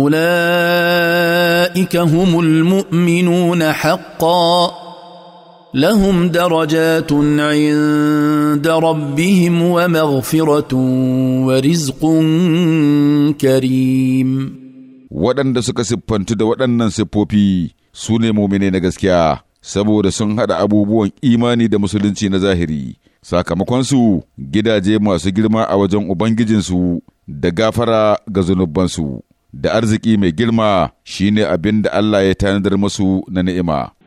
اولئك هم المؤمنون حقا لهم درجات عند ربهم ومغفره ورزق كريم waɗanda suka siffantu da waɗannan siffofi su ne mumine na gaskiya saboda sun haɗa abubuwan imani da musulunci na zahiri sakamakonsu gidaje masu girma a wajen ubangijinsu da gafara ga zunubansu da arziki mai girma shine abin da Allah ya tanadar musu na ni'ima.